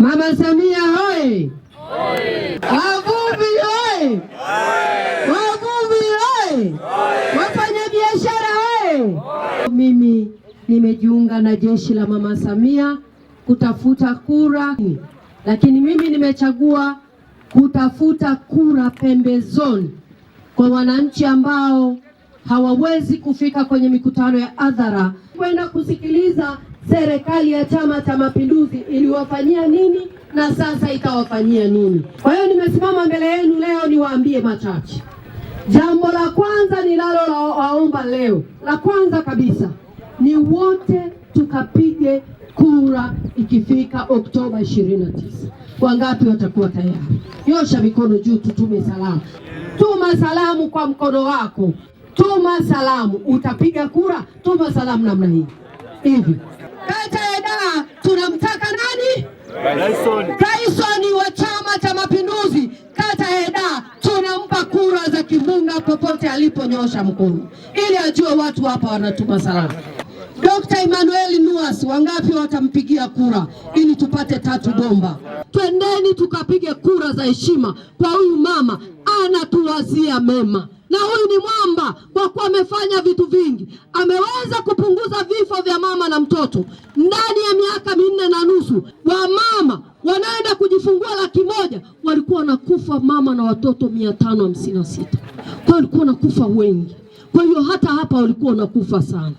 Mama Samia hoye! Wavuvi hoye! Wavuvi hoye! Wafanyabiashara hoye! Mimi nimejiunga na jeshi la Mama Samia kutafuta kura, lakini mimi nimechagua kutafuta kura pembezoni kwa wananchi ambao hawawezi kufika kwenye mikutano ya hadhara kwenda kusikiliza serikali ya Chama cha Mapinduzi iliwafanyia nini na sasa itawafanyia nini. Kwa hiyo nimesimama mbele yenu leo niwaambie machache. Jambo la kwanza waomba leo, la kwanza kabisa ni wote tukapige kura ikifika Oktoba 29. Wangapi watakuwa tayari? Nyosha mikono juu, tutume salamu. Tuma salamu kwa mkono wako, tuma salamu. Utapiga kura, tuma salamu namna hii hivi kata ya Daa tunamtaka nani? Tyson wa Chama cha Mapinduzi kata ya Daa tunampa kura za kimbunga popote aliponyosha mkono, ili ajue watu hapa wanatuma salamu. Dr. Emmanuel Nuas, wangapi watampigia kura ili tupate tatu bomba? Twendeni tukapige kura za heshima kwa huyu mama anatuwazia mema, na huyu ni mwamba kwa kuwa amefanya vitu vingi. Ameweza kupunguza vifo vya mama na mtoto ndani ya miaka minne na nusu. Wamama wanaenda kujifungua laki moja walikuwa wanakufa mama na watoto mia tano hamsini na sita kwa walikuwa wanakufa wengi, kwa hiyo hata hapa walikuwa wanakufa sana,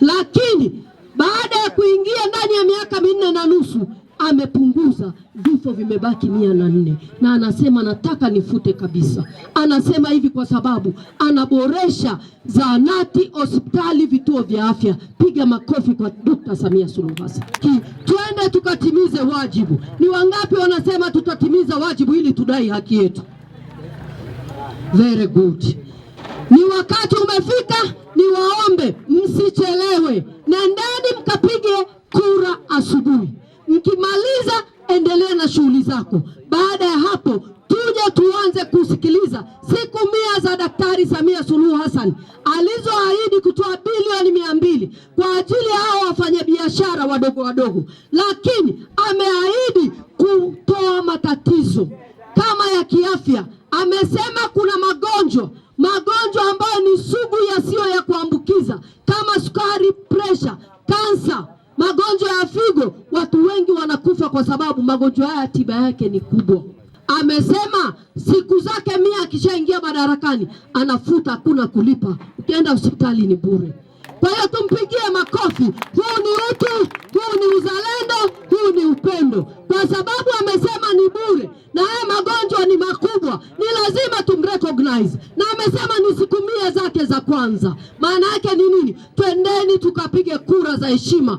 lakini baada ya kuingia ndani ya miaka minne na nusu amepunguza, vifo vimebaki mia na nne, na anasema nataka nifute kabisa. Anasema hivi kwa sababu anaboresha zahanati, hospitali, vituo vya afya. Piga makofi kwa dokta Samia Suluhu Hassan. Twende tukatimize wajibu. Ni wangapi wanasema tutatimiza wajibu ili tudai haki yetu? Very good. Ni wakati umefika, niwaombe msichelewe, nendeni mkapige maliza endelea na shughuli zako. Baada ya hapo, tuje tuanze kusikiliza siku mia za Daktari Samia Suluhu Hassan alizoahidi kutoa bilioni mia mbili kwa ajili ya hao wafanyabiashara wadogo wadogo, lakini ameahidi kutoa matatizo kama ya kiafya. Amesema kuna magonjwa magonjwa ambayo ni sugu yasiyo ya kuambukiza kama sukari, presha, kansa Magonjwa ya figo, watu wengi wanakufa kwa sababu magonjwa haya tiba yake ni kubwa. Amesema siku zake mia, akishaingia madarakani anafuta, hakuna kulipa, ukienda hospitali ni bure. Kwa hiyo tumpigie makofi. Huu ni utu, huu ni uzalendo, huu ni upendo, kwa sababu amesema ni bure na haya magonjwa ni makubwa, ni lazima tumrecognize. Na amesema ni siku mia zake za kwanza. Maana yake ni nini? Twendeni tukapige kura za heshima